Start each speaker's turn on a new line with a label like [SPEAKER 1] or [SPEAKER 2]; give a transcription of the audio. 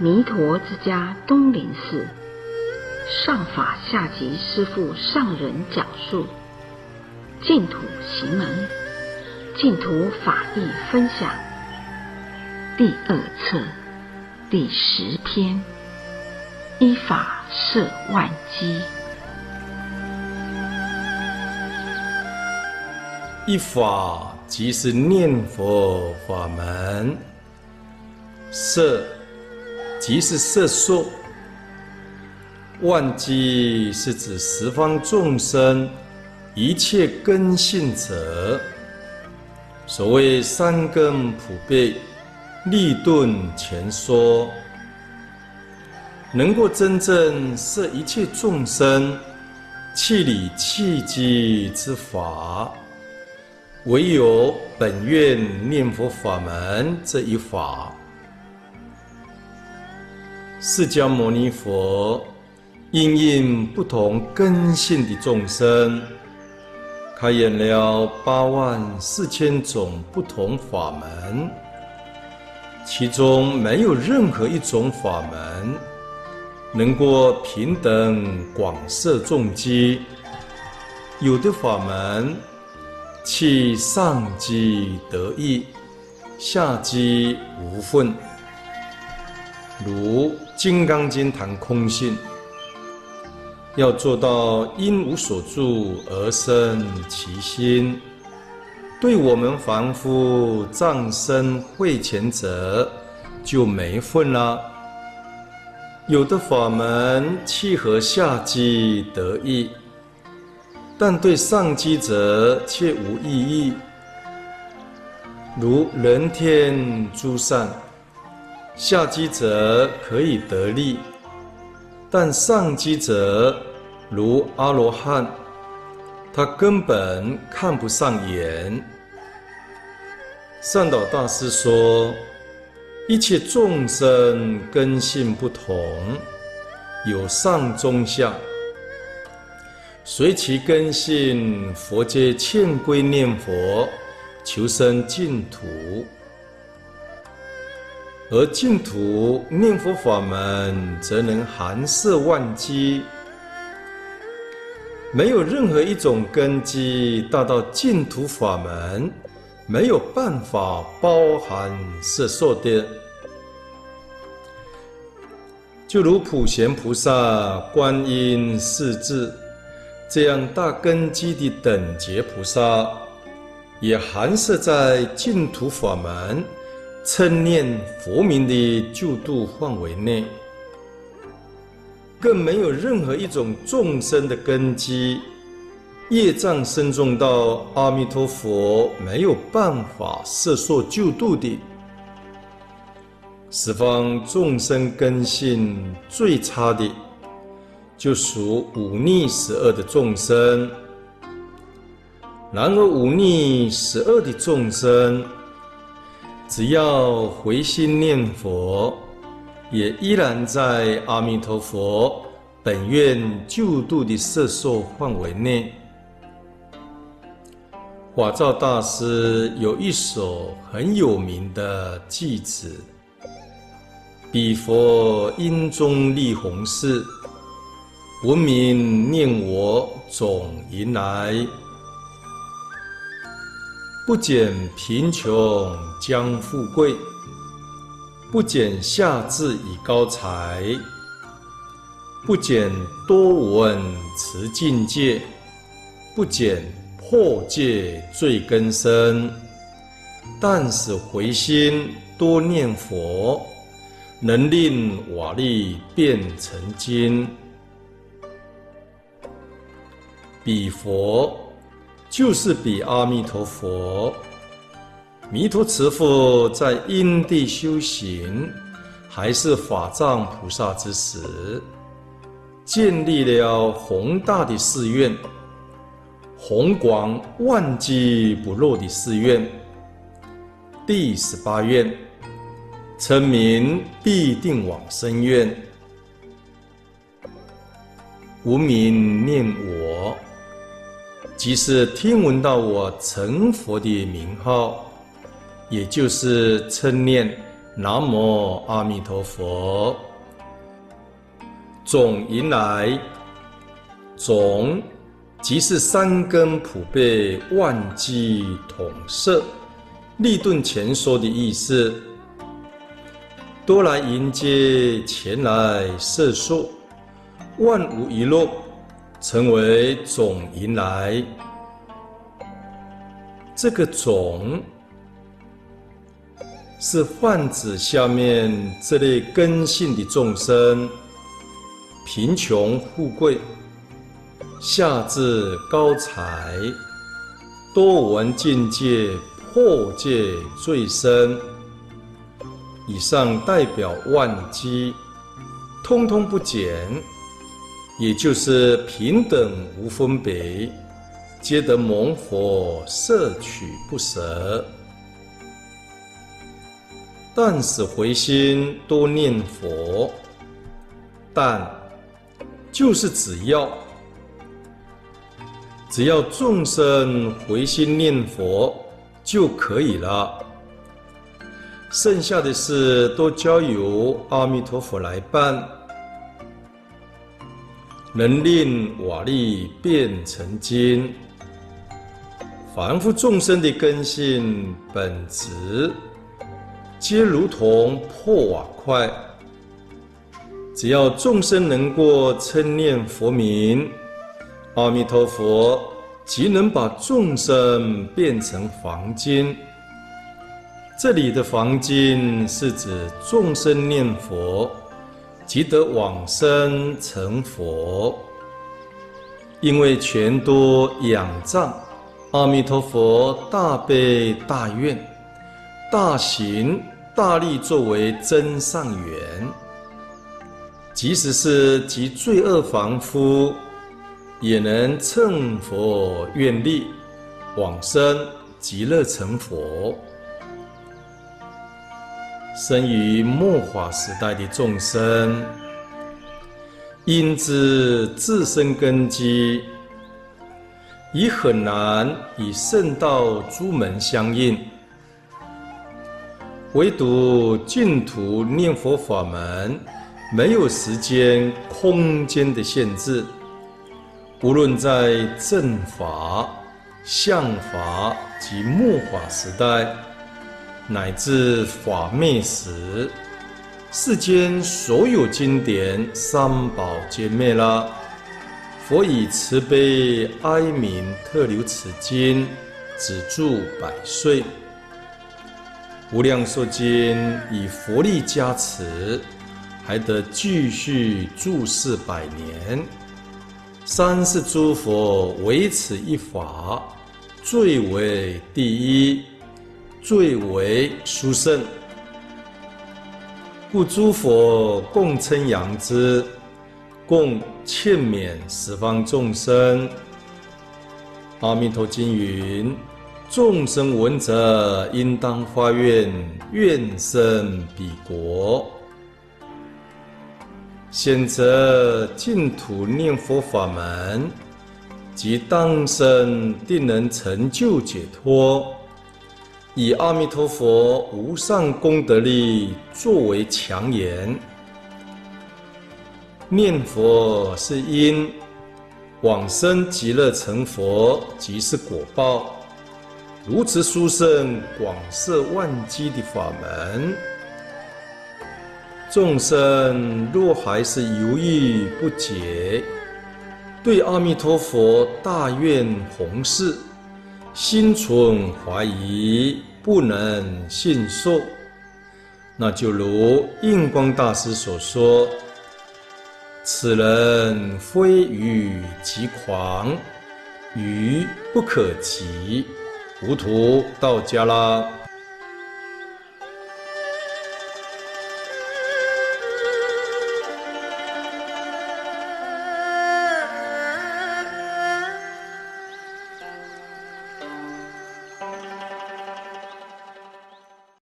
[SPEAKER 1] 彌陀之家東林寺上法下寂師父上人講述《淨土行門》淨土法義分享第二冊第十篇：一法攝萬機，一法即是念佛法門，攝，即是攝受，萬機是指十方眾生一切根性者。所謂三根普被，利鈍全說，能夠真正攝一切眾生，契理契機之法，唯有本願念佛法門這一法。釋迦牟尼佛因應不同根性的眾生，開演了八萬四千種不同法門，其中沒有任何一種法門能夠平等廣攝眾機。有的法門，棄上機得益，下機無分。如《金剛經》談空性，要做到應無所住而生其心，對我們凡夫障深慧淺者，就沒份了。有的法門契合下機，得益，但對上機者，卻無意義，如人天諸善。下機者可以得利，但上機者如阿羅漢，他根本看不上眼。善導大師說：一切眾生根性不同，有上中下，隨其根性，佛皆勸歸念佛，求生淨土。而淨土念佛法門則能含攝萬機，沒有任何一種根基大到淨土法門，沒有辦法包含攝受的。就如普賢菩薩、觀音勢至這樣大根基的等覺菩薩，也含攝在淨土法門稱念佛名的救度範圍內，更沒有任何一種眾生的根基業障深重到阿彌陀佛沒有辦法攝受救度的。十方眾生根性最差的，就屬五逆十惡的眾生。然而五逆十惡的眾生，只要回心念佛，也依然在阿彌陀佛本願救度的攝受範圍內。法照大師有一首很有名的偈子：“彼佛因中立弘誓，聞名念我總迎來。”不減貧窮將富貴，不減下智以高才，不減多聞持禁戒，不減破戒罪根深。但使回心多念佛，能令瓦礫變成金。彼佛。就是彼阿彌陀佛、彌陀慈父在因地修行，還是法藏菩薩之時，建立了宏大的誓願，弘廣萬劫不落的誓願。第十八願，稱名必定往生願，無名念我，即是聽聞到我成佛的名號，也就是稱念南無阿彌陀佛，總迎來，總即是三根普被萬機統攝，利鈍全收的意思，多來迎接前來攝受，萬無一漏。成為種迎來，這個種是泛指下面這類根性的眾生，貧窮富貴、下智高才、多聞淨戒、破戒罪深，以上代表萬機，通通不簡。也就是平等無分別，皆得蒙佛攝取不捨。但使回心多念佛，但就是只要只要眾生回心念佛就可以了，剩下的事都交由阿彌陀佛來辦。能令瓦礫變成金，凡夫眾生的根性本質，皆如同破瓦塊。只要眾生能夠稱念佛名“阿彌陀佛”，即能把眾生變成黃金。這裡的黃金是指眾生念佛。即得往生成佛，因為全都仰仗阿彌陀佛大悲大願、大行大力作為增上緣。即使是極罪惡凡夫，也能乘佛願力往生極樂成佛。生於末法時代的眾生，因之自身根基已很難與聖道諸門相應，唯獨淨土念佛法門沒有時間、空間的限制，無論在正法、像法及末法時代。乃至法滅時，世間所有經典三寶皆滅了。佛以慈悲哀憫，特留此經，止住百歲。無量壽經以佛力加持，還得繼續住世百年。三世諸佛唯此一法最為第一。最為殊勝，故諸佛共稱揚之，共勸勉十方眾生。阿彌陀經云：眾生聞者，應當發願，願生彼國。選擇淨土念佛法門，即當生，定能成就解脫。以阿彌陀佛無上功德力作為強言，念佛是因，往生極樂成佛即是果報。如此殊勝廣攝萬機的法門，眾生若還是猶豫不解，對阿彌陀佛大願弘誓。心存懷疑，不能信受，那就如印光大師所說：“此人非愚即狂，愚不可及，糊塗到家啦。”